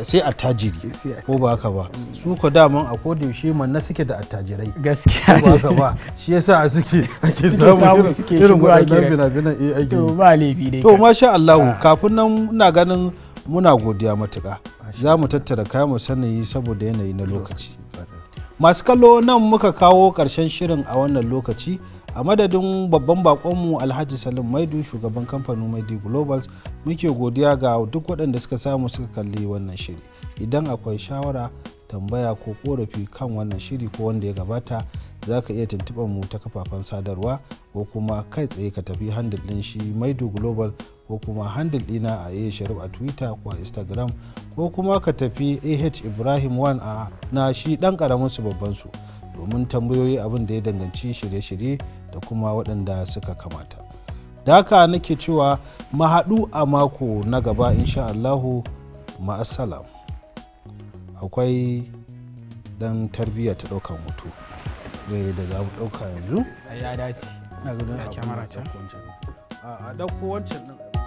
Speaker 1: sai *laughs* attajiri ko ba ka ba su ko daman a koda man manna suke da attajirai gaskiya ko ba ka ba shi ya sa a suke *laughs* ake samu irin waɗannan fina-finan eh ake to ba laifi dai to masha Allah ah. kafin nan ina ganin muna godiya matuƙa za mu tattara kayan mu sanayi saboda yanayi na lokaci masu kallo nan muka kawo ƙarshen shirin a wannan lokaci a madadin babban bakonmu alhaji salim maidu shugaban kamfanin maidu globals muke godiya ga duk waɗanda suka samu suka kalli wannan shiri idan akwai shawara tambaya ko korafi kan wannan shiri ko wanda ya gabata za ka iya tuntuɓar mu ta kafafen sadarwa ko kuma kai tsaye ka tafi handalin shi maidu global ko kuma handle dina a iya sharif a twitter ko a instagram ko kuma ka tafi ah ibrahim 1 a na shi dan karamin su babban su domin tambayoyi abin da ya danganci shirye-shirye da kuma waɗanda suka kamata da haka nake cewa haɗu a mako na gaba insha allahu ma'asalam akwai dan tarbiyya ta mutu zai eh, da za mu ɗauka yanzu
Speaker 5: ya dace na gudun
Speaker 1: a ɗauko wancan ɗin